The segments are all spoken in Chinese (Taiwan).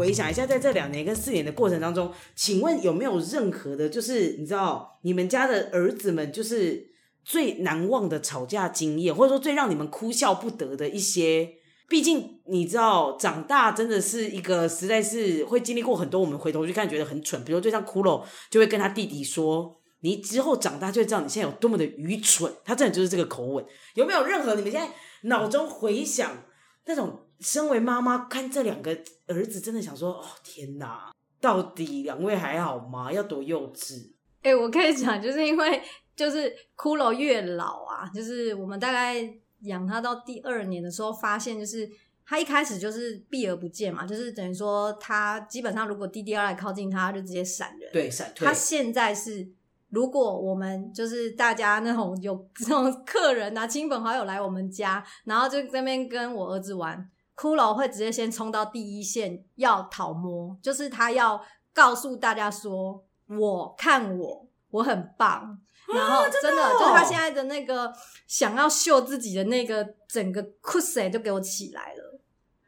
回想一下，在這兩年跟四年的過程當中，請問有沒有任何的，就是你知道，你們家的兒子們，就是最難忘的吵架經驗，或者說最讓你們哭笑不得的一些？畢竟你知道，長大真的是一個，實在是會經歷過很多。我們回頭去看，覺得很蠢。比如就像骷髏，就會跟他弟弟說：“你之後長大就會知道你現在有多麼的愚蠢。”他真的就是這個口吻。有沒有任何你們現在腦中回想那種？身為媽媽，看這兩個兒子，真的想說，哦天哪，到底兩位還好嗎？要多幼稚！哎、欸，我跟你講，就是因為就是骷髏越老啊，就是我們大概養他到第二年的時候，發現就是他一開始就是避而不見嘛，就是等於說他基本上如果滴滴要來靠近他，就直接閃人，對，閃退。他現在是，如果我們就是大家那種有這種客人啊，親朋好友來我們家，然後就在那邊跟我兒子玩。骷髏會直接先衝到第一線，要討摸，就是他要告訴大家說：“我看我，我很棒。”然後真的，啊真的哦、就是、他現在的那個想要秀自己的那個整個酷帥，就給我起來了。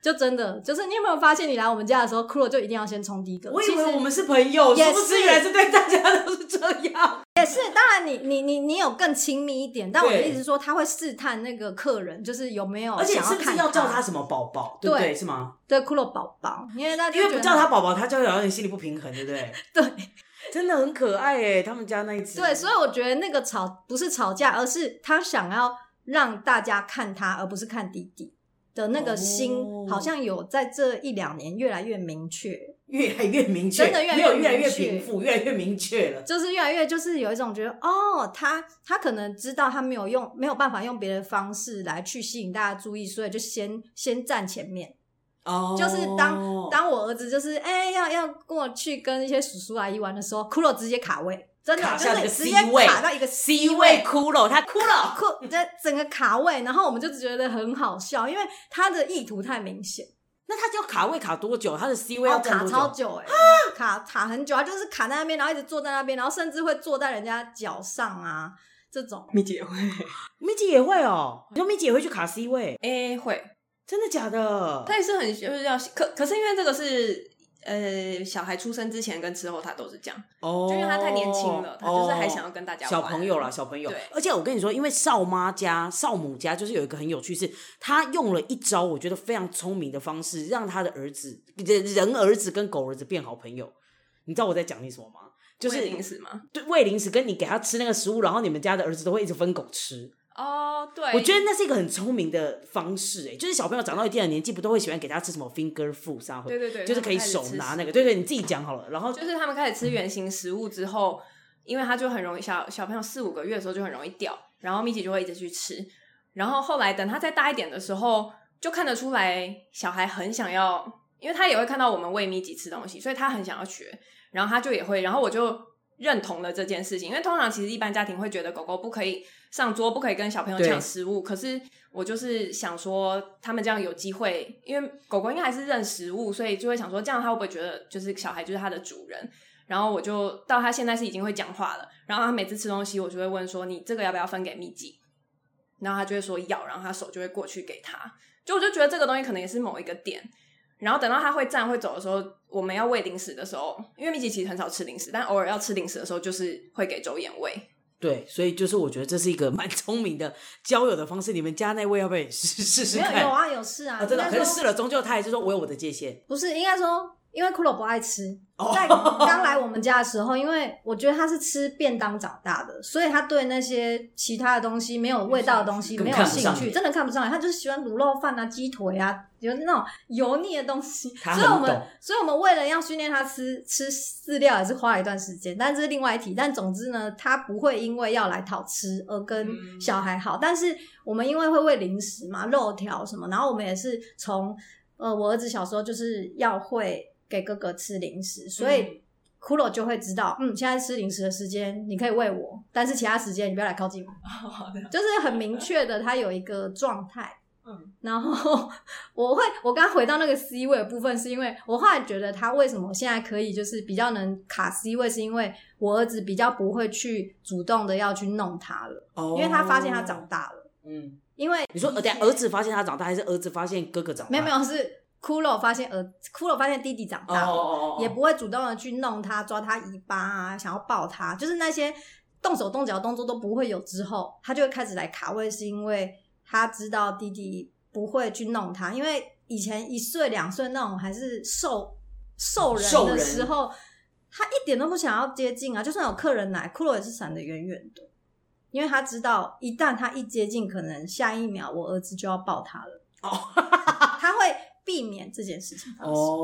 就真的，就是你有沒有發現，你來我們家的時候，骷髏就一定要先衝第一個。我以為我們是朋友，也不是？原來是對大家都是這樣。也是，當然你你你你有更親密一點，但我的意思是說，他會試探那個客人，就是有沒有想要看他。而且甚至要叫他什麼寶寶，對不對？對，是嗎？對，骷髏寶寶，因為那，因為不叫他寶寶，他就會有點心裡不平衡，對不對？對，真的很可愛誒，他們家那一次。對，所以我覺得那個吵不是吵架，而是他想要讓大家看他，而不是看弟弟。的那個心、oh. 好像有在這一兩年越來越明確，越來越明確，真的越來越明確，沒有越來越平復，越來越明確了。就是越來越就是有一種覺得哦，他他可能知道他沒有用沒有辦法用別的方式來去吸引大家注意，所以就先先站前面。哦、oh.，就是當當我兒子就是哎、欸、要要過去跟一些叔叔阿姨玩的時候，骷髏直接卡位。真的卡一個 C 位就是直接卡到一個 C 位, C 位哭了，他哭了哭，這整個卡位，然後我們就覺得很好笑，因為他的意圖太明顯。 那他就要卡位卡多久？他的 C 位要、哦、卡超久哎、啊，卡卡很久啊，就是卡在那邊，然後一直坐在那邊，然後甚至會坐在人家腳上啊這種。米姐會，米姐也會哦，你說米姐也會去卡 C 位？誒，會，真的假的？他也是很就是要可可是因為這個是。呃，小孩出生之前跟之後，他都是這樣。哦、oh,，就因為他太年輕了，oh, 他就是還想要跟大家玩，小朋友啦，小朋友。對，而且我跟你說，因為少媽家少母家就是有一個很有趣事，是他用了一招，我覺得非常聰明的方式，讓他的兒子人兒子跟狗兒子變好朋友。你知道我在講些什麼嗎？就是零食嘛？就餵零食，跟你給他吃那個食物，然後你們家的兒子都會一直分狗吃。哦，對，我覺得那是一個很聰明的方式，誒就是小朋友長到一定的年紀，不都會喜歡給他吃什麼 finger food，啥會，對對對，就是可以手拿那個，對對，你自己講好了。然後就是他們開始吃圓形食物之後，因為他就很容易，小小朋友四五個月的時候就很容易掉，然後米吉就會一直去吃。然後後來等他再大一點的時候，就看得出來小孩很想要，因為他也會看到我們餵米吉吃東西，所以他很想要學。然後他就也會，然後我就。認同了這件事情，因為通常其實一般家庭會覺得狗狗不可以上桌，不可以跟小朋友搶食物。可是我就是想說，他們這樣有機會，因為狗狗應該還是認食物，所以就會想說，這樣他會不會覺得就是小孩就是他的主人？然後我就到他現在是已經會講話了，然後他每次吃東西，我就會問說：“你這個要不要分給秘籍？”然後他就會說“要”，然後他手就會過去給他。就我就覺得這個東西可能也是某一個點。然後等到他會站會走的時候，我們要餵零食的時候，因為蜜吉其實很少吃零食，但偶爾要吃零食的時候，就是會給周眼餵。對，所以就是我覺得這是一個蠻聰明的交友的方式。你們家那位要不要也試試，試看沒有？有啊，有試啊。啊，真的，可是試了，終究他還是說，我有我的界限。不是，應該說。因為骷髏不愛吃，oh, 在剛來我們家的時候， 因為我覺得他是吃便當長大的，所以他對那些其他的東西沒有味道的東西 沒有興趣，真的看不上來。他就是喜歡滷肉飯啊、雞腿啊，有、就是、那種油膩的東西、嗯，所。所以我們，所以我們為了要訓練他吃吃飼料也是花了一段時間，但是另外一題，但總之呢，他不會因為要來討吃而跟小孩好、嗯。但是我們因為會餵零食嘛，肉條什麼，然後我們也是從呃我兒子小時候就是要會。給哥哥吃零食，所以骷髏就會知道嗯，嗯，現在吃零食的時間，你可以餵我，但是其他時間你不要來靠近我。哦、好的，就是很明確的，他有一個狀態，嗯。然後我會，我剛回到那個 C 位的部分，是因為我後來覺得他為什麼現在可以，就是比較能卡 C 位，是因為我兒子比較不會去主動的要去弄他了，哦，因為他發現他長大了，嗯，因為你說兒子兒子發現他長大，還是兒子發現哥哥長大？沒有沒有是。骷髏發現呃，骷髏發現弟弟長大了，oh, oh, oh, oh. 也不會主動的去弄他、抓他尾巴啊，想要抱他，就是那些動手動腳的動作都不會有。之後他就會開始來卡位，是因為他知道弟弟不會去弄他，因為以前一歲兩歲那種還是獸獸人的時候，他一點都不想要接近啊，就算有客人來，骷髏也是閃得遠遠的，因為他知道一旦他一接近，可能下一秒我兒子就要抱他了。哦、oh, 他會。避免這件事情發、oh,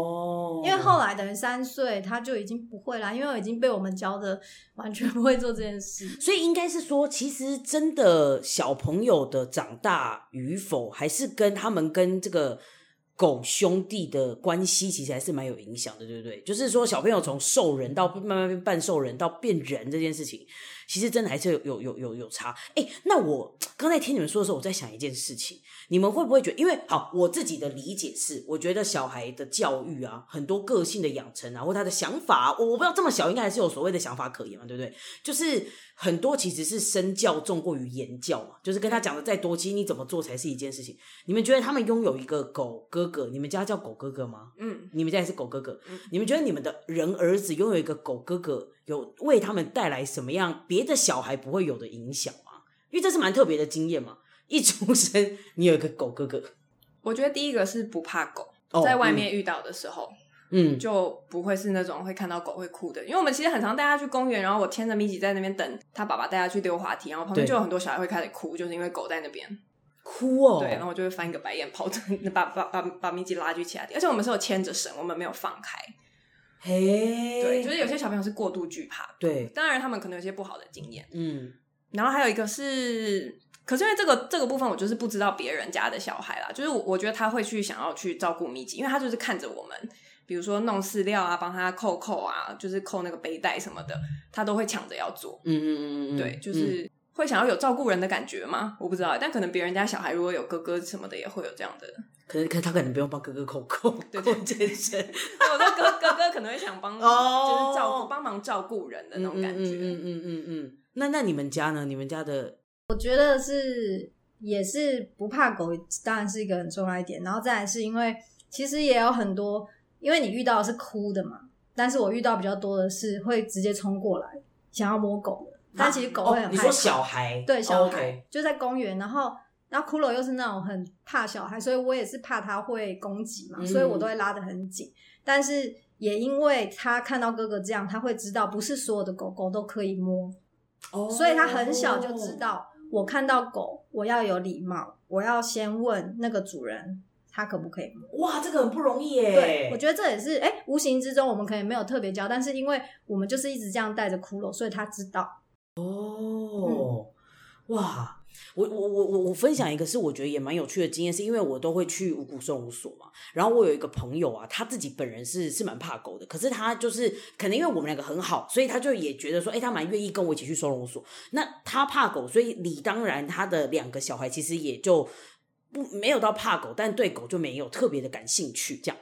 wow. 因為後來等於三歲他就已經不會啦。因為已經被我們教的完全不會做這件事。所以應該是說，其實真的小朋友的長大與否，還是跟他們跟這個狗兄弟的關係，其實還是蠻有影響的，對不對？就是說小朋友從獸人到慢慢變半獸人到變人這件事情，其實真的還是有有有有差。欸，那我剛才聽你們說的時候，我在想一件事情。你們會不會覺得？因為好，我自己的理解是，我覺得小孩的教育啊，很多個性的養成啊，或他的想法啊，我不知道這麼小應該還是有所謂的想法可言嘛，對不對？就是很多其實是身教重過於言教嘛，就是跟他講的再多，其實你怎麼做才是一件事情。你們覺得他們擁有一個狗哥哥，你們家叫狗哥哥嗎？嗯，你們家也是狗哥哥。你們覺得你們的人兒子擁有一個狗哥哥，有為他們帶來什麼樣別的小孩不會有的影響啊？因為這是蠻特別的經驗嘛。一出生，你有一個狗哥哥。我覺得第一個是不怕狗，哦，在外面遇到的時候，嗯，就不會是那種會看到狗會哭的。嗯、因為我們其實很常帶他去公園，然後我牽着米吉在那邊等他爸爸帶他去溜滑梯，然後旁邊就有很多小孩會開始哭，就是因為狗在那邊哭哦。對，然後我就會翻一個白眼，跑着把把把米吉拉去起來，而且我們是有牽着繩，我們沒有放開。嘿，對，就是有些小朋友是過度懼怕，對，當然他們可能有些不好的經驗，嗯，然後還有一個是。可是因為這個這個部分，我就是不知道別人家的小孩啦。就是我我覺得他會去想要去照顧米吉，因為他就是看着我們，比如說弄飼料啊，幫他扣扣啊，就是扣那個背帶什麼的，他都會搶着要做。嗯嗯嗯嗯，對，就是會想要有照顧人的感覺嗎？我不知道。但可能別人家小孩如果有哥哥什麼的，也會有這樣的。可是，可是他可能不用幫哥哥扣扣，對對對對。我覺得哥哥可能會想幫、oh. 就是照顧幫忙照顧人的那種感覺。嗯嗯嗯嗯，嗯，嗯，那那你們家呢？你們家的。我覺得是也是不怕狗，當然是一個很重要一點。然後再來是因為其實也有很多，因為你遇到的是哭的嘛。但是我遇到比較多的是會直接衝過來想要摸狗的。但其實狗會很害怕。哦、你說小孩？對，小孩。哦 okay，就在公園。然後，然後骷髏又是那種很怕小孩，所以我也是怕他會攻擊嘛，嗯，所以我都會拉得很緊。但是也因為他看到哥哥這樣，他會知道不是所有的狗狗都可以摸，哦、所以他很小就知道。我看到狗，我要有禮貌，我要先問那個主人，他可不可以摸？哇，這個很不容易耶。對，我覺得這也是，誒、欸、無形之中我們可能沒有特別教，但是因為我們就是一直這樣帶著骷髏，所以他知道。哦，嗯、哇。我我我我我分享一個，是我覺得也蠻有趣的經驗，是因為我都會去五股收容所嘛。然後我有一個朋友啊，他自己本人是是蠻怕狗的，可是他就是可能因為我們兩個很好，所以他就也覺得說，哎、欸，他蠻願意跟我一起去收容所。那他怕狗，所以你當然他的兩個小孩其實也就不沒有到怕狗，但對狗就沒有特別的感興趣，這樣。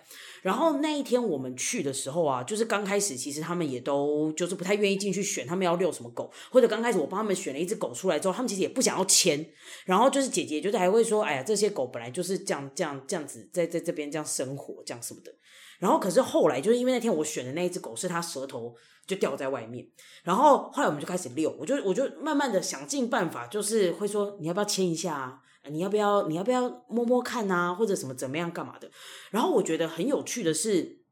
然後那一天我們去的時候啊，就是剛開始其實他們也都就是不太願意進去選，他們要遛什麼狗，或者剛開始我幫他們選了一隻狗出來之後，他們其實也不想要牽。然後就是姐姐就是還會說，哎呀，這些狗本來就是這樣這樣這樣子在在這邊這樣生活這樣什麼的。然後可是後來就是因為那天我選的那一隻狗是它舌頭就掉在外面，然後後來我們就開始遛，我就我就慢慢的想盡辦法，就是會說，你要不要牽一下啊？你要不要？你要不要摸摸看啊？或者什麼怎麼樣幹嘛的？然後我覺得很有趣的是，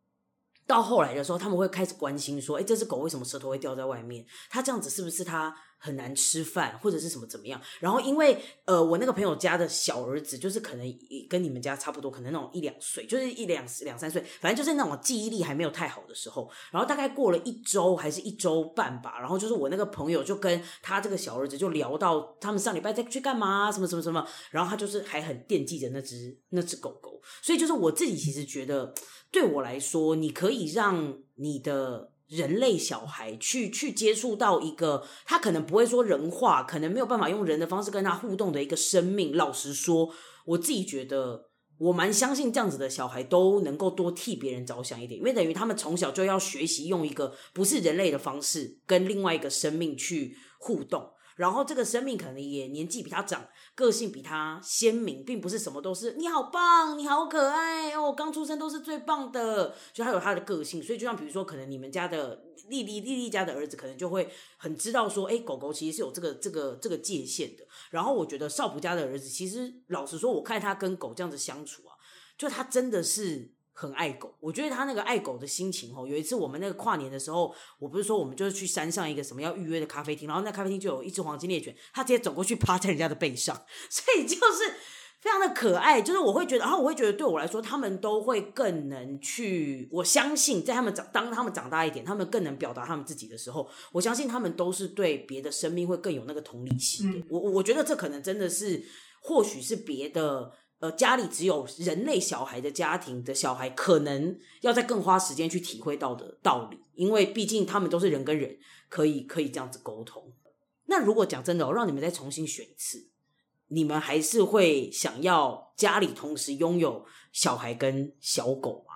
到後來的時候，他們會開始關心說：“哎，這只狗為什麼舌頭會掉在外面？它這樣子是不是它？”很難吃飯，或者是什麼怎麼樣？然後因為呃，我那個朋友家的小兒子，就是可能跟你們家差不多，可能那種一兩歲，就是一兩兩三歲，反正就是那種記憶力還沒有太好的時候。然後大概過了一周還是一周半吧，然後就是我那個朋友就跟他這個小兒子就聊到他們上禮拜在去幹嘛，什麼什麼什麼。然後他就是還很惦記着那只那只狗狗，所以就是我自己其實覺得，對我來說，你可以讓你的。人類小孩去去接觸到一個他可能不會說人話，可能沒有辦法用人的方式跟他互動的一個生命。老實說，我自己覺得我蠻相信這樣子的小孩都能夠多替別人着想一點，因為等於他們從小就要學習用一個不是人類的方式跟另外一個生命去互動。然後這個生命可能也年紀比他長，個性比他鮮明，並不是什麼都是你好棒，你好可愛哦，我剛出生都是最棒的，所以他有他的個性。所以就像比如說，可能你們家的麗麗麗麗家的兒子，可能就會很知道說，哎，狗狗其實是有這個這個這個界限的。然後我覺得少普家的兒子，其實老實說，我看他跟狗這樣子相處啊，就他真的是。很愛狗，我覺得他那個愛狗的心情哦。有一次我們那個跨年的時候，我不是說我們就是去山上一個什麼要預約的咖啡廳，然後那咖啡廳就有一隻黃金獵犬，它直接走過去趴在人家的背上，所以就是非常的可愛。就是我會覺得，然後，啊，我會覺得對我來說，他們都會更能去。我相信在他們長，當他們長大一點，他們更能表達他們自己的時候，我相信他們都是對別的生命會更有那個同理心的。我我覺得這可能真的是，或許是別的。呃，家裡只有人類小孩的家庭的小孩，可能要再更花時間去體會到的道理，因為畢竟他們都是人跟人，可以可以這樣子溝通。那如果講真的、哦，讓你們再重新選一次，你們還是會想要家裡同時擁有小孩跟小狗嗎？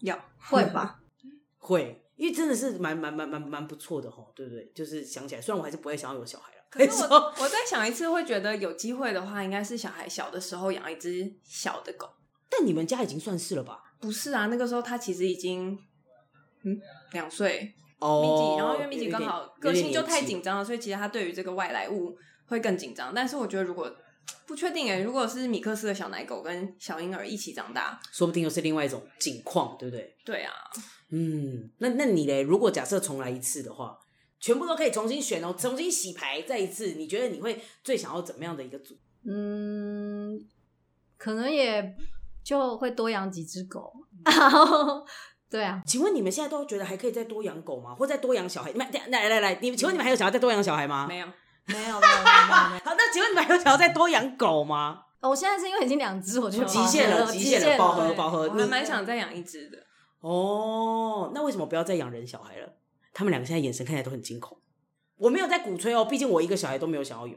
要會吧，嗯？會，因為真的是蠻蠻蠻蠻蠻不錯的哈，哦，對不對？就是想起來，雖然我還是不會想要有小孩。可是我我再想一次會覺得有機會的話，應該是小孩小的時候養一只小的狗。但你們家已經算是了吧？不是啊，那個時候他其實已經嗯兩歲哦米吉。然後因為米吉剛好個性就太緊張了，所以其實他對於這個外來物會更緊張。但是我覺得如果不確定哎、欸，如果是米克斯的小奶狗跟小嬰兒一起長大，說不定又是另外一種情況，對不對？對啊，嗯，那那你嘞？如果假設重來一次的話。全部都可以重新選哦，重新洗牌，再一次，你覺得你會最想要怎麼樣的一個組？嗯，可能也就會多養幾隻狗。 對啊，請問你們現在都覺得還可以再多養狗嗎？或再多養小孩？你們來來來，你們請問你們還有想要再多養小孩嗎？嗯，沒有，沒有，沒有，沒有。沒有 好，那請問你們還有想要再多養狗嗎？哦，我現在是因為已經兩隻，我就極限了，極限了，飽和了，飽和。我們蠻想再養一隻的。哦，那為什麼不要再養人小孩了？他們兩個現在眼神看起來都很驚恐。我沒有在鼓吹哦，畢竟我一個小孩都沒有想要有。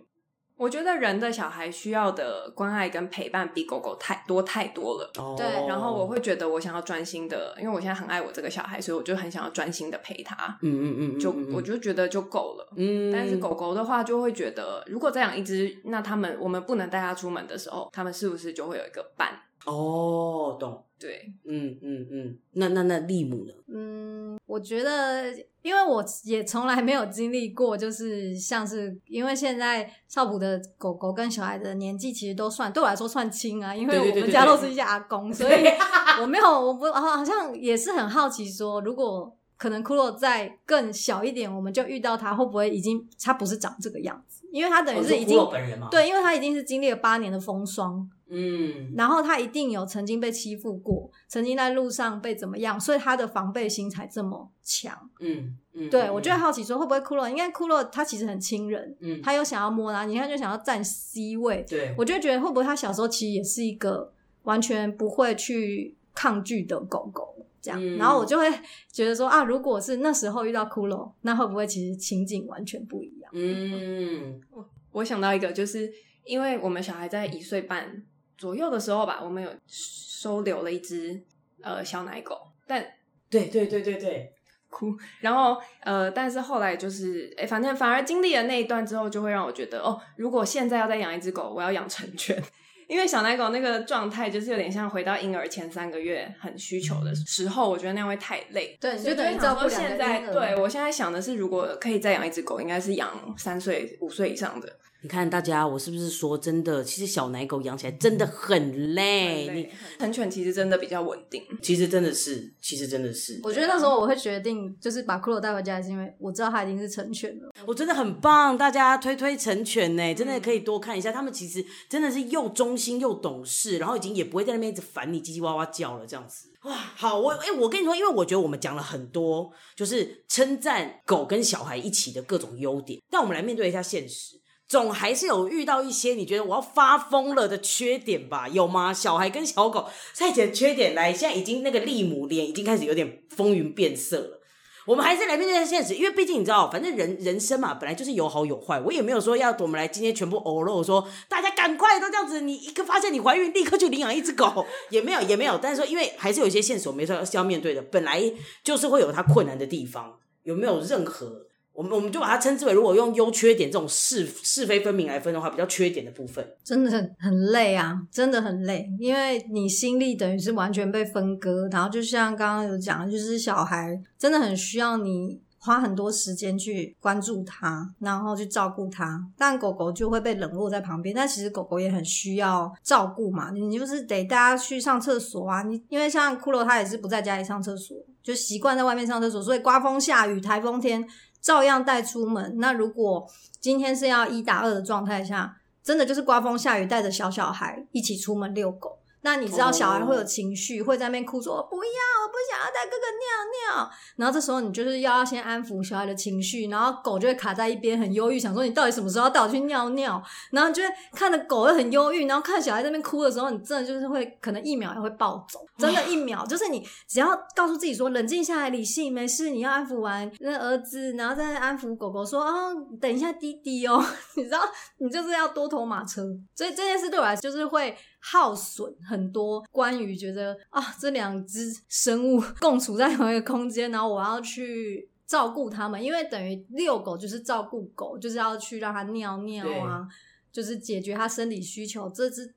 我覺得人的小孩需要的關愛跟陪伴比狗狗太多太多了。Oh. 對，然後我會覺得我想要專心的，因為我現在很愛我這個小孩，所以我就很想要專心的陪他。嗯嗯嗯，就我就覺得就夠了。嗯，Mm-hmm，但是狗狗的話就會覺得，如果再養一只，那他們我們不能帶它出門的時候，他們是不是就會有一個伴？哦，懂，對，嗯嗯嗯，那那那利姆呢？嗯，我覺得，因為我也從來沒有經歷過，就是像是因為現在少普的狗狗跟小孩的年紀其實都算對我來說算輕啊，因為我們家都是一些阿公對對對對對，所以我沒有，我不好像也是很好奇，說如果可能，庫洛再更小一點，我們就遇到他，會不會已經他不是長這個樣子？因為他等於是已經，哦、對，因為他已經是經歷了八年的風霜。嗯，然後他一定有曾經被欺負過，曾經在路上被怎麼樣，所以他的防備心才這麼強。嗯嗯，對，嗯、我就會好奇說會不會骷髏，因為骷髏他其實很親人，嗯，他又想要摸他、啊，你看就想要占 C 位。對，我就會覺得會不會他小時候其實也是一個完全不會去抗拒的狗狗，這樣，嗯、然後我就會覺得說啊，如果是那時候遇到骷髏，那會不會其實情景完全不一樣？嗯，嗯，我，我想到一個，就是因為我們小孩在一歲半。左右的時候吧，我們有收留了一只呃小奶狗，但對對對對對哭，然後呃，但是後來就是哎、欸，反正反而經歷了那一段之後，就會讓我覺得哦，如果現在要再養一只狗，我要養成犬， 因為小奶狗那個狀態就是有點像回到嬰兒前三個月很需求的時候，嗯、我覺得那樣會太累，對,對,對，就等於照到現在對,對,對,個、這個、對我現在想的是，如果可以再養一只狗，應該是養三歲五歲以上的。你看大家，我是不是說真的？其實小奶狗養起來真的很累。嗯、很累你成犬其實真的比較穩定、嗯。其實真的是，其實真的是。我覺得那時候我會決定就是把骷髏帶回家，是因為我知道它已經是成犬了。我真的很棒，大家推推成犬呢，真的可以多看一下、嗯、他們，其實真的是又忠心又懂事，然後已經也不會在那邊一直煩你，嘰嘰哇哇叫了這樣子。哇，好，我、嗯、哎、欸，我跟你說，因為我覺得我們講了很多，就是稱讚狗跟小孩一起的各種優點，但我們來面對一下現實。總還是有遇到一些你覺得我要發瘋了的缺點吧？有嗎？小孩跟小狗賽前缺點來，現在已經那個利母臉已經開始有點風雲變色了。我們還是來面對現實，因為畢竟你知道，反正人人生嘛，本來就是有好有壞。我也沒有說要我們來今天全部歐漏說，說大家趕快都這樣子，你一個發現你懷孕立刻就領養一只狗也沒有，也沒有。但是說因為還是有一些線索，沒錯是要面對的，本來就是會有它困難的地方，有沒有任何？我們我們就把它稱之為，如果用優缺點這種是是非分明來分的話，比較缺點的部分，真的很很累啊，真的很累，因為你心力等於是完全被分割。然後就像剛剛有講，就是小孩真的很需要你花很多時間去關注他，然後去照顧他，但狗狗就會被冷落在旁邊。但其實狗狗也很需要照顧嘛，你就是得大家去上廁所啊。你因為像骷髏，它也是不在家裡上廁所，就習慣在外面上廁所，所以颳風下雨、颱風天，照樣帶出門，那如果今天是要一打二的狀態下，真的就是刮風下雨，帶着小小孩一起出門遛狗。那你知道小孩會有情緒，會在那邊哭說不要，我不想要帶哥哥尿尿。然後這時候你就是要先安撫小孩的情緒，然後狗就會卡在一邊很憂鬱，想說你到底什麼時候要帶我去尿尿？然後你就會看着狗又很憂鬱，然後看小孩在那邊哭的時候，你真的就是會可能一秒還會暴走，真的，一秒就是你只要告訴自己說冷靜下來，理性，沒事，你要安撫完那兒子，然後再安撫狗狗說，說、哦、啊，等一下滴滴哦，你知道，你就是要多頭馬車，所以這件事對我來說就是會。耗損很多，關於覺得，啊、哦，這兩隻生物共處在同一個空間，然後我要去照顧它們因為等於遛狗，就是照顧狗，就是要去讓它尿尿啊，啊，就是解決它生理需求。這隻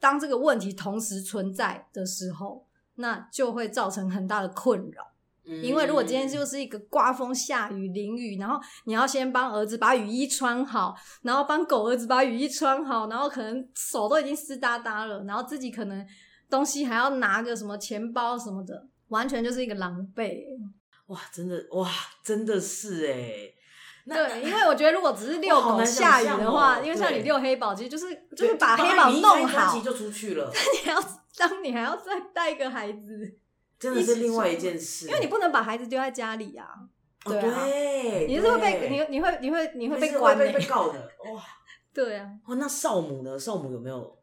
當這個問題同時存在的時候，那就會造成很大的困擾。因為如果今天就是一個刮風下雨淋雨、嗯，然後你要先幫兒子把雨衣穿好，然後幫狗兒子把雨衣穿好，然後可能手都已經濕噠噠了，然後自己可能東西還要拿個什麼錢包什麼的，完全就是一個狼狽。哇，真的，哇，真的是誒。對，因為我覺得如果只是遛狗下雨的話、哦，因為像你遛黑寶，其實就是就是把黑寶弄好你一一就出去了。但你要，當你還要再帶一個孩子。真的是另外一件事，因為你不能把孩子丟在家裡呀，啊哦啊，對，你是會被你你會你會你會，你會被怪，欸，被被告的，哇，對啊，哦，那少母呢？少母有沒有？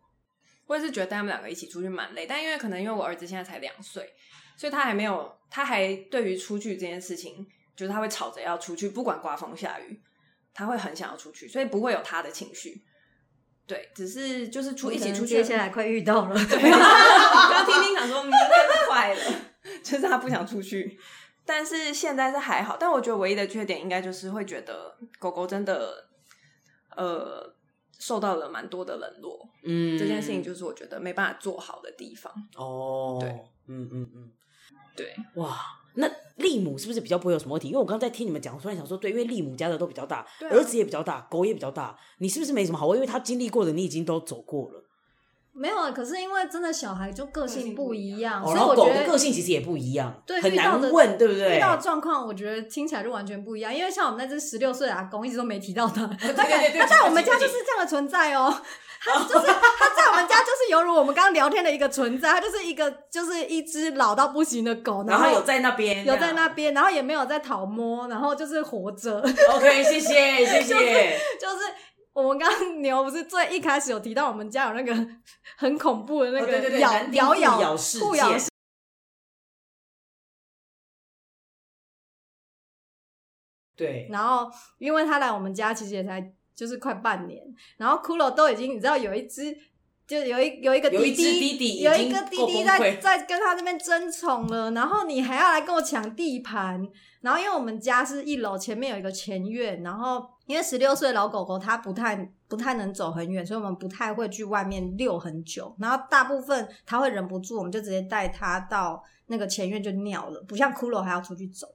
我也是覺得他們兩個一起出去蠻累，但因為可能因為我兒子現在才兩歲，所以他還沒有，他還對於出去這件事情，就是他會吵着要出去，不管刮風下雨，他會很想要出去，所以不會有他的情緒。對，只是就是出一起出去，接下來快遇到了，不要聽聽想說應該是快了。 就是他不想出去，嗯，但是現在是還好。但我覺得唯一的缺點，應該就是會覺得狗狗真的呃受到了蠻多的冷落。嗯，這件事情就是我覺得沒辦法做好的地方。哦，對，嗯嗯嗯，對。哇，那利姆是不是比較不會有什麼問題？因為我剛在聽你們講，我突然想說，對，因為利姆家的都比較大，兒子也比較大，狗也比較大，你是不是沒什麼好，因為他經歷過的，你已經都走過了。沒有，可是因為真的小孩就個性不一樣，嗯、所以我覺得、哦、狗的個性其實也不一樣，對，很難問，對不對？遇到的狀況，我覺得聽起來就完全不一樣。因為像我們那隻十六歲的阿公，一直都沒提到他，他他在我們家就是這樣的存在哦，對對對對，他就是，對對對，他在我們家就是猶如我們剛剛聊天的一個存在， 他就是一個就是一隻老到不行的狗，然後有在那邊、啊，有在那邊，然後也沒有在討摸，然後就是活着。 OK，謝謝謝謝，就是。就是我們剛剛牛不是最一開始有提到，我們家有那個很恐怖的那個咬咬、哦、咬，顧咬,咬對。然後，因為他來我們家其實也才就是快半年，然後骷髏都已經你知道有一只。就有一有一個弟弟，有一，弟弟有一個弟弟在在跟他這邊爭寵了，然後你還要來跟我搶地盤，然後因為我們家是一樓，前面有一個前院，然後因為十六歲的老狗狗它不太不太能走很遠，所以我們不太會去外面遛很久，然後大部分它會忍不住，我們就直接帶它到那個前院就尿了，不像骷髏還要出去走，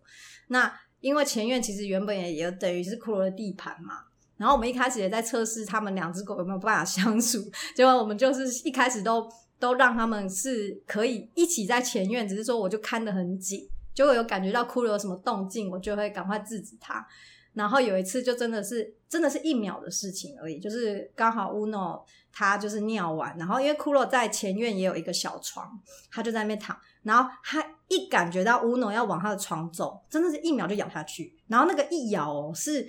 那因為前院其實原本也也等於是骷髏的地盤嘛。然後我們一開始也在測試他們兩隻狗有沒有辦法相處，結果我們就是一開始都都讓他們是可以一起在前院，只是說我就看得很緊，結果有感覺到骷髏有什麼動靜，我就會趕快制止他。然後有一次就真的是真的是一秒的事情而已，就是剛好烏諾他就是尿完，然後因為骷髏在前院也有一個小床，他就在那邊躺，然後他一感覺到烏諾要往他的床走，真的是一秒就咬下去，然後那個一咬是。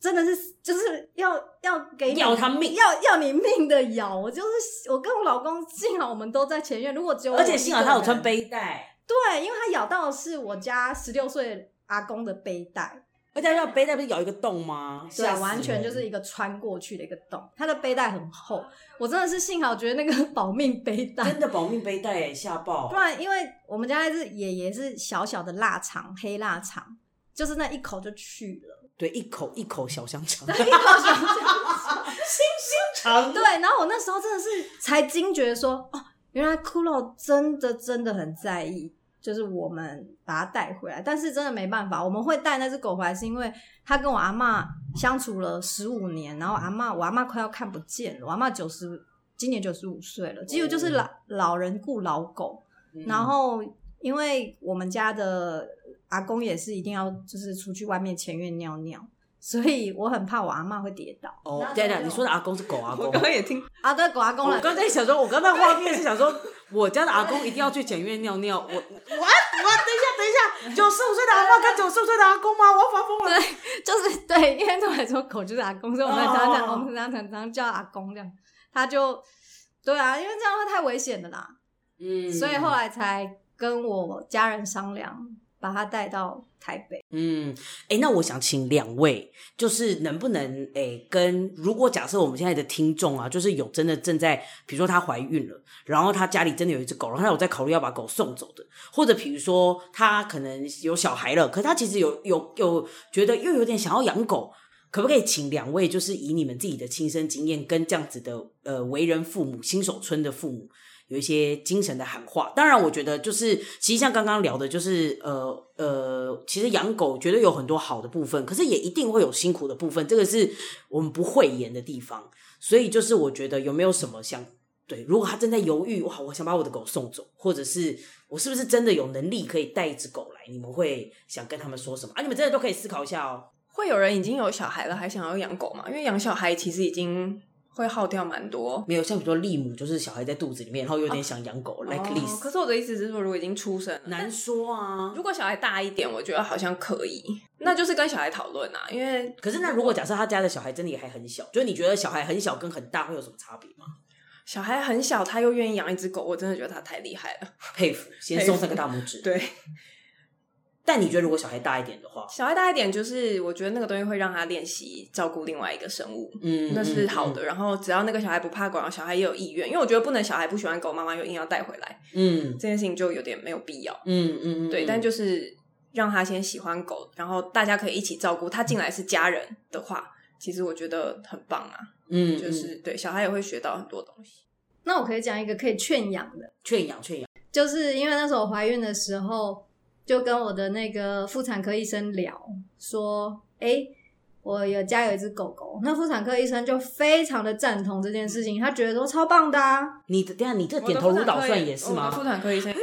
真的是就是要要給你，要他命要要你命的咬，我就是我跟我老公，幸好我們都在前院，如果只有我，而且幸好他有穿背帶，對，因為他咬到的是我家十六歲阿公的背帶，我家要背帶不是咬一個洞嗎？對，完全就是一個穿過去的一個洞，他的背帶很厚，我真的是幸好覺得那個保命背帶，真的保命背帶嚇爆，不然因為我們家是也也是小小的臘腸、黑臘腸，就是那一口就去了。對，一口一口小香腸， 一口小香腸，星星腸。對，然後我那時候真的是才驚覺說，哦，原來骷髏真的真的很在意，就是我們把它帶回來，但是真的沒辦法，我們會帶那隻狗回來，是因為它跟我阿嬤相處了十五年，然後我阿嬤，我阿嬤快要看不見了，我阿嬤九十，今年九十五歲了，幾乎就是老老人顧老狗，哦，然後因為我們家的。阿公也是一定要就是出去外面前院尿尿，所以我很怕我阿媽會跌倒。哦，對對，你說的阿公是狗阿公？ 我剛剛也聽阿、啊、對狗阿公。我剛才想說， 我剛才畫面是想說，我家的阿公一定要去前院尿尿。我我我， What? What? 等一下，等一下，九十五歲的阿媽跟九十五歲的阿公嗎？ 我要發瘋了！對，就是對，因為後來說狗就是阿公，所以我們常常我們常常常常叫阿公這樣。他就對啊，因為這樣會太危險了啦。嗯、mm.，所以後來才跟我家人商量。把他帶到台北。嗯，哎、欸，那我想請兩位，就是能不能，哎、欸，跟如果假設我們現在的聽眾啊，就是有真的正在，比如說他懷孕了，然後他家裡真的有一隻狗，然後他有在考慮要把狗送走的，或者比如說他可能有小孩了，可是他其實有有有覺得又有點想要養狗，可不可以請兩位，就是以你們自己的親身經驗，跟這樣子的呃，為人父母、新手村的父母。有一些精神的喊話，當然，我覺得就是，其實像剛剛聊的，就是呃呃，其實養狗絕對有很多好的部分，可是也一定會有辛苦的部分，這個是我們不諱言的地方。所以，就是我覺得有沒有什麼想對？如果他正在猶豫，哇，我想把我的狗送走，或者是我是不是真的有能力可以帶一隻狗來？你們會想跟他們說什麼啊？你們真的都可以思考一下哦。會有人已經有小孩了，還想要養狗嗎？因為養小孩其實已經。會耗掉蠻多，沒有像比如說利姆，就是小孩在肚子裡面，然後有點想養狗、啊、，like this、哦。可是我的意思是說，如果已經出生了，難說啊。如果小孩大一點，我覺得好像可以。那就是跟小孩討論啊，嗯、因為可是那如果假設他家的小孩真的還很小，就是你覺得小孩很小跟很大會有什麼差別嗎？小孩很小，他又願意養一隻狗，我真的覺得他太厲害了，佩服，先送三個大拇指。 對。但你覺得，如果小孩大一點的話，小孩大一點就是我覺得那個東西會讓他練習照顧另外一個生物，嗯，那是好的。嗯、然後只要那個小孩不怕狗，然後小孩也有意願，因為我覺得不能小孩不喜歡狗，媽媽又硬要帶回來，嗯，這件事情就有點沒有必要，嗯嗯對嗯。但就是讓他先喜歡狗，然後大家可以一起照顧。他進來是家人的話，其實我覺得很棒啊，嗯，就是對小孩也會學到很多東西。那我可以講一個可以勸養的，勸養勸養，就是因為那時候我懷孕的時候。就跟我的那個婦產科醫生聊，說，哎、欸，我有家有一隻狗狗，那婦產科醫生就非常的贊同這件事情，他覺得說超棒的啊！你的，對啊，你這點頭如搗蒜也是嗎？婦產，婦產科醫生，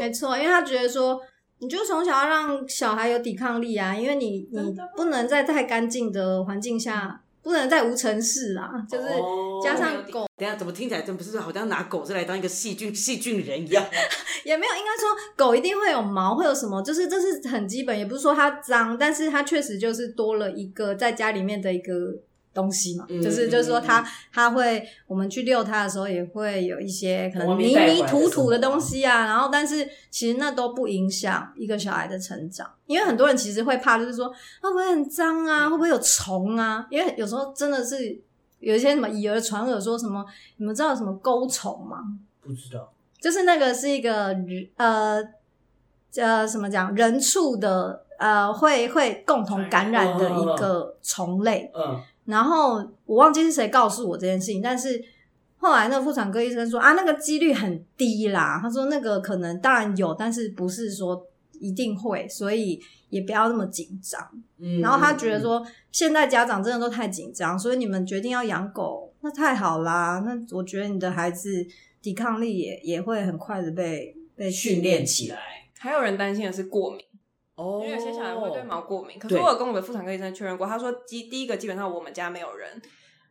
沒錯，因為他覺得說，你就從小要讓小孩有抵抗力啊，因為你你不能在太乾淨的環境下。不能再無塵室啦，就是加上狗。哦、等一下，怎麼聽起來真不是，好像拿狗是來當一個細菌、細菌人一樣。 也沒有應，應該說狗一定會有毛，會有什麼？就是這是很基本，也不是說它髒，但是它確實就是多了一個在家裡面的一個。東西嘛、嗯，就是就是說，它、嗯、它會我們去遛它的時候，也會有一些可能泥泥土土的東西啊。然後，但是其實那都不影響一個小孩的成長，因為很多人其實會怕，就是說會不會很髒啊、嗯，會不會有蟲啊？因為有時候真的是有一些什麼以訛傳訛，說什麼你們知道有什麼鈎蟲嗎？不知道，就是那個是一個呃呃,呃什麼講人畜的呃會會共同感染的一個蟲類、哎哦哦哦，嗯。然後我忘記是誰告訴我這件事情，但是後來那個婦產科醫生說啊，那個幾率很低啦。他說那個可能當然有，但是不是說一定會，所以也不要那麼緊張。嗯，然後他覺得說、嗯嗯、現在家長真的都太緊張，所以你們決定要養狗，那太好啦。那我覺得你的孩子抵抗力也也會很快的被被訓練起來。還有人擔心的是過敏。Oh, 因為有些小孩會對毛過敏，可是我有跟我的婦產科醫生確認過，他說，基、第一個基本上我們家沒有人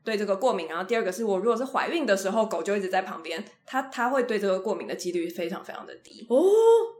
對這個過敏，然後第二個是我如果是懷孕的時候，狗就一直在旁邊，它它會對這個過敏的幾率非常非常的低。哦、oh，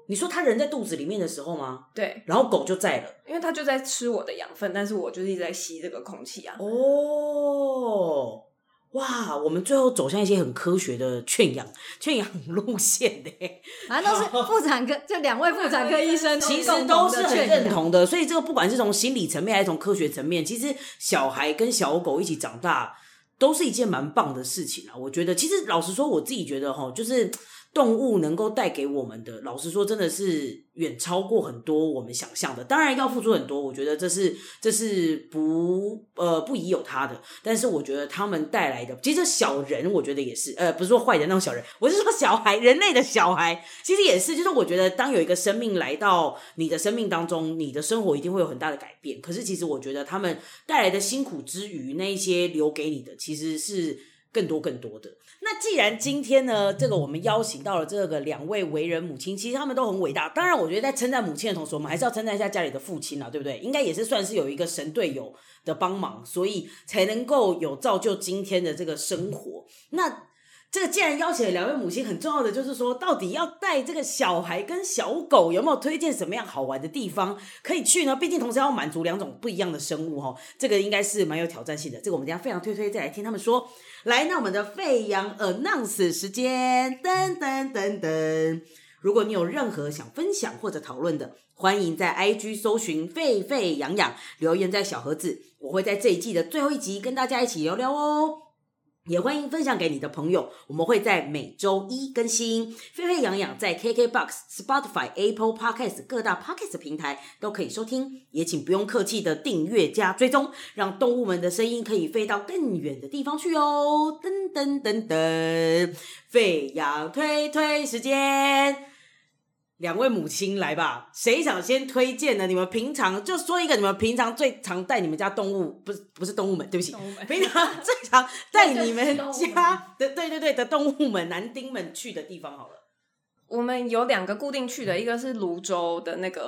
你說它人在肚子裡面的時候嗎？對，然後狗就在了，因為它就在吃我的養分，但是我就是一直在吸這個空氣啊。哦、oh。哇，我們最後走向一些很科學的勸養、勸養路線呢、欸。反、啊、正都是婦產科，這兩位婦產科醫生，科醫生都其實都是很認同的。所以這個不管是從心理層面還是從科學層面，其實小孩跟小狗一起長大都是一件蠻棒的事情啊。我覺得，其實老實說，我自己覺得哈、哦，就是。動物能夠帶給我們的，老實說，真的是遠超過很多我們想象的。當然要付出很多，我覺得這是這是不呃不宜有他的。但是我覺得他們帶來的，其實小人我覺得也是，呃，不是說壞人那種小人，我是說小孩，人類的小孩，其實也是。就是我覺得，當有一個生命來到你的生命當中，你的生活一定會有很大的改變。可是其實我覺得，他們帶來的辛苦之餘，那一些留給你的，其實是更多更多的。那既然今天呢，這個我們邀請到了這個兩位為人母親，其實他們都很偉大。當然，我覺得在稱讚母親的同時，我們還是要稱讚一下家裡的父親了，對不對？應該也是算是有一個神隊友的幫忙，所以才能夠有造就今天的這個生活。那這個既然邀請了兩位母親，很重要的就是說，到底要帶這個小孩跟小狗有沒有推薦什麼樣好玩的地方可以去呢？畢竟同時要滿足兩種不一樣的生物吼，這個應該是蠻有挑戰性的。這個我們等下非常推推再來聽他們說。來，那我們的吠揚，呃，announce 時間，等等等等。如果你有任何想分享或者討論的，歡迎在 IG 搜尋吠吠揚養，留言在小盒子，我會在這一季的最後一集跟大家一起聊聊哦。也歡迎分享給你的朋友，我們會在每周一更新。吠吠揚養在 KKBOX、Spotify、Apple Podcast 各大 Podcast 平台都可以收聽，也請不用客氣的訂閱加追蹤，讓動物們的聲音可以飛到更遠的地方去哦。噔噔噔噔，吠揚推推時間。兩位母親，來吧，誰想先推薦呢？你們平常就說一個，你們平常最常帶你們家動物，不是不是動物們，對不起， 平常最常帶你們家的，對對對的動物們、男丁們去的地方好了。我們有兩個固定去的，一個是蘆洲的那個。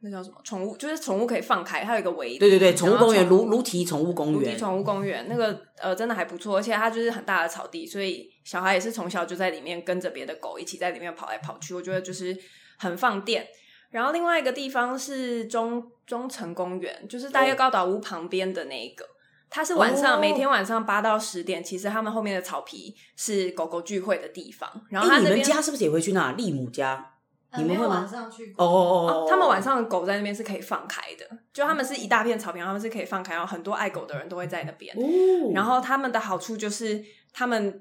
那叫什麼？寵物，就是寵物可以放開，它有一個圍。對對對，寵物公園如如題寵物公園。如題寵物公園，物公園、嗯、那個呃，真的還不錯，而且它就是很大的草地，所以小孩也是從小就在裡面跟着別的狗一起在裡面跑來跑去，我覺得就是很放電。嗯、然後另外一個地方是忠忠誠公園，就是大葉高島屋旁邊的那一個，哦、它是晚上、哦、每天晚上八到十點，其實他們後面的草皮是狗狗聚會的地方。然後它邊你們家是不是也會去那？利姆家。你沒，有呃、沒有晚上去哦、oh, oh, oh, oh, oh, oh. 啊，他們晚上的狗在那邊是可以放開的，就他們是一大片草坪，他們是可以放開，然後很多愛狗的人都會在那邊。Oh. 然後他們的好處就是，他們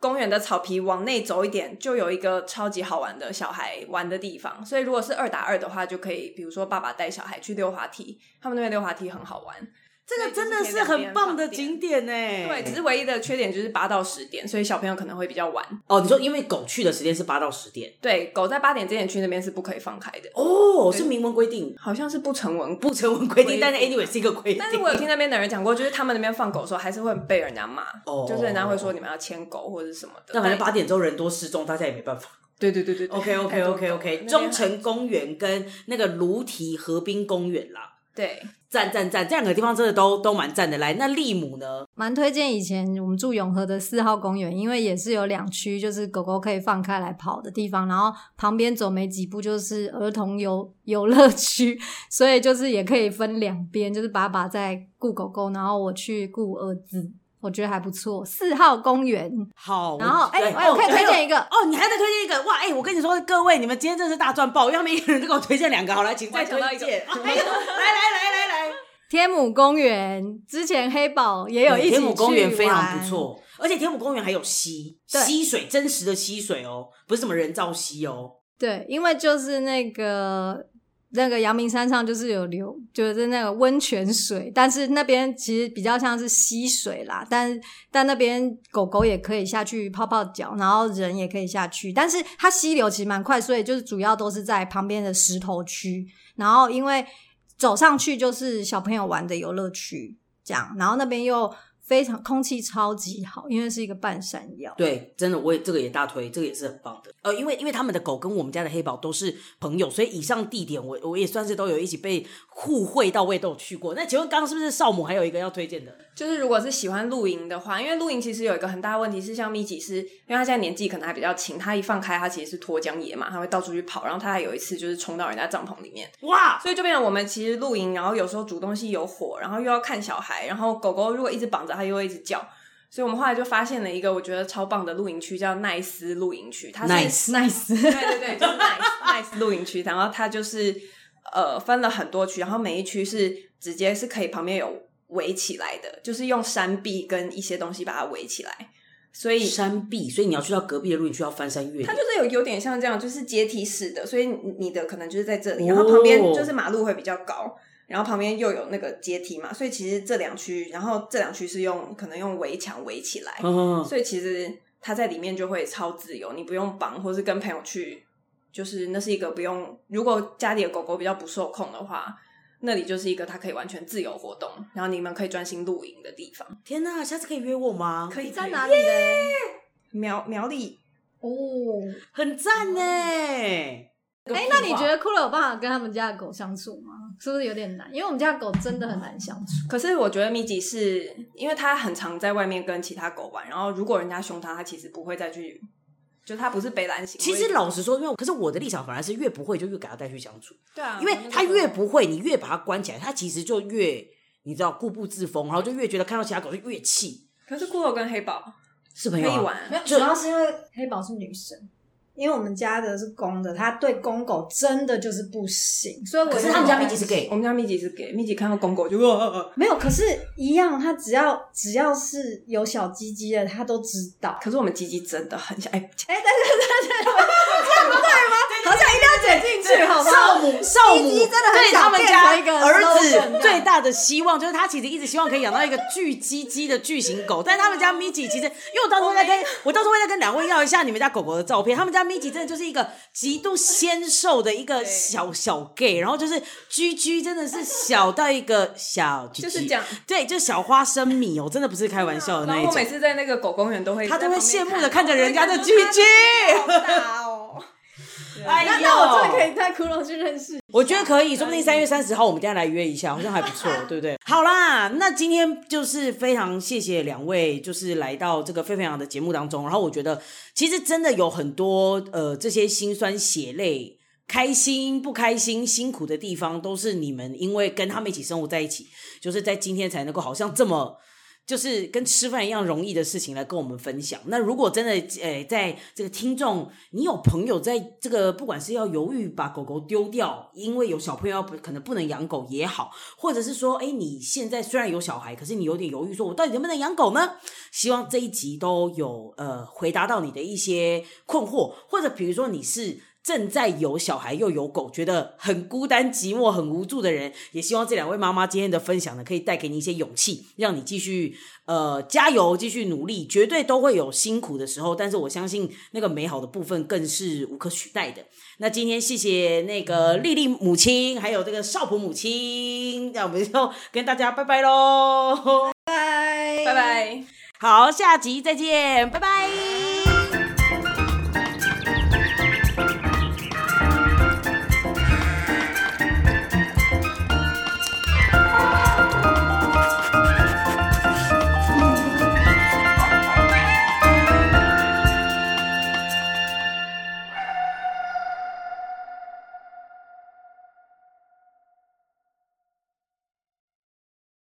公園的草皮往內走一點，就有一個超級好玩的小孩玩的地方。所以如果是二打二的話，就可以，比如說爸爸帶小孩去溜滑梯，他們那邊溜滑梯很好玩。這個真的是很棒的景點哎，對，只是唯一的缺點就是八到十點，所以小朋友可能會比較晚哦。你說因為狗去的時間是八到十點，對，狗在八點之前去那邊是不可以放開的哦，是明文規定，好像是不成文規定不成文規定，定，定，但是 anyway 是一個規定。但是，我有聽那邊的人講過，就是他們那邊放狗的時候還是會被人家罵哦，就是人家會說你們要牽狗或者什麼的。那反正八點之後人多勢眾，大家也沒辦法。對對對對，對，OK OK OK OK 中城公園跟那個蘆堤河濱公園啦，對。讚讚讚！這兩個地方真的都都蠻讚的。來，那利姆呢？蠻推薦，以前我們住永和的四號公園，因為也是有兩區，就是狗狗可以放開來跑的地方。然後旁邊走沒幾步就是兒童遊遊樂區，所以就是也可以分兩邊，就是爸爸在顧狗狗，然後我去顧兒子，我覺得還不錯。四號公園好。然後哎、欸欸喔，我可以推薦一個哦、欸欸喔，你還能推薦一個哇？哎、欸，我跟你說，各位你們今天真是大賺爆，因為他們一個人就給我推薦兩個。好來，請再推薦、喔 哎，來來來來來。來來天母公園之前，黑寶也有一起去玩。天母公園非常不錯，而且天母公園還有溪溪水，真實的溪水哦，不是什麼人造溪哦。對，因為就是那個那個陽明山上就是有流，就是那個溫泉水，但是那邊其實比較像是溪水啦。但但那邊狗狗也可以下去泡泡腳，然後人也可以下去，但是它溪流其實蠻快，所以就是主要都是在旁邊的石頭區。然後因為。走上去就是小朋友玩的遊樂區，這樣，然後那邊又。非常空氣超級好，因為是一個半山腰。對，真的，我也這個也大推，這個也是很棒的。呃，因為因為他們的狗跟我們家的黑寶都是朋友，所以以上地點我我也算是都有一起被互惠到位都有去過。那請問剛剛是不是少母還有一個要推薦的？就是如果是喜歡露營的話，因為露營其實有一個很大的問題是像咪籍師，因為他現在年紀可能還比較輕，他一放開他其實是脫韁野馬，他會到處去跑，然後他還有一次就是衝到人家帳篷裡面哇！所以就變成我們其實露營，然後有時候煮東西有火，然後又要看小孩，然後狗狗如果一直綁着。它又會一直叫，所以我們後來就發現了一個我覺得超棒的露營區，叫奈斯露營區。它是。Nice，Nice，對對對，就是 nice, nice 露營區。然後它就是呃分了很多區，然後每一區是直接是可以旁邊有圍起來的，就是用山壁跟一些東西把它圍起來。所以山壁，所以你要去到隔壁的露營區要翻山越嶺。它就是有有點像這樣，就是階梯式的，所以你的可能就是在這裡，哦、然後旁邊就是馬路會比較高。然後旁邊又有那個階梯嘛，所以其實這兩區，然後這兩區是用可能用圍牆圍起來，所以其實它在裡面就會超自由，你不用綁，或是跟朋友去，就是那是一個不用，如果家裡的狗狗比較不受控的話，那裡就是一個它可以完全自由活動，然後你們可以專心露營的地方。天哪，下次可以約我嗎？可以，可以在哪裡嘞、yeah!？苗，苗栗哦，oh, 很讚呢。Wow. 哎、欸，那你覺得骷髏有辦法跟他們家的狗相處嗎？是不是有點難？因為我們家的狗真的很難相處。嗯啊、可是我覺得米吉是因為他很常在外面跟其他狗玩，然後如果人家凶他，他其實不會再去，就他不是悲藍型。其實老實說，因為可是我的立場反而是越不會就越給他帶去相處，對啊，因為他越不會，你越把他關起來，他其實就越你知道固步自封，然後就越覺得看到其他狗就越氣。可是骷髏跟黑寶是朋友、啊，可以玩主要是因為黑寶是女生。因為我們家的是公的，它對公狗真的就是不行，所以。我是他們家蜜姐是 gay。我們家蜜姐是 gay，蜜姐看到公狗就。沒有，可是一樣，它只要只要是有小雞雞的，它都知道。可是我們雞雞真的很小，哎哎，對對對對，這樣不對嗎？好像一定要捲進去，好不、嗯、好？少母少母，對對對母真的很小。一個兒子最大的希望 就是他其實一直希望可以養到一個巨雞雞的巨型狗， 但他們家咪吉其實，因為我到時候 跟，我到時候會再跟兩位要一下你們家狗狗的照片。他們家咪吉真的就是一個極度纖瘦的一個小小 gay，然後就是居居真的是小到一個小， 就是講對，就小花生米哦，真的不是開玩笑的那一種。 我每次在那個狗公園都會看，他都會羨慕的看着人家的居居，哦。哎，那我真的可以帶骷髏去認識，我覺得可以說不定三月三十號我們今天來約一下，好像還不錯， 對不對？好啦，那今天就是非常謝謝兩位，就是來到這個吠吠揚養的節目當中。然後我覺得其實真的有很多呃這些辛酸血淚、開心不開心、辛苦的地方，都是你們因為跟他們一起生活在一起，就是在今天才能夠好像這麼。就是跟吃飯一樣容易的事情來跟我們分享。那如果真的誒、呃，在這個聽眾，你有朋友在這個，不管是要猶豫把狗狗丟掉，因為有小朋友要可能不能養狗也好，或者是說，哎，你現在雖然有小孩，可是你有點猶豫，說我到底能不能養狗呢？希望這一集都有呃回答到你的一些困惑，或者比如說你是。正在有小孩又有狗，覺得很孤單寂寞、很無助的人，也希望這兩位媽媽今天的分享呢，可以帶給你一些勇氣，讓你繼續呃加油，繼續努力。絕對都會有辛苦的時候，但是我相信那個美好的部分更是無可取代的。那今天謝謝那個麗麗母親，還有這個少普母親，那我們就跟大家拜拜嘍，拜拜拜拜，好，下集再見，拜拜。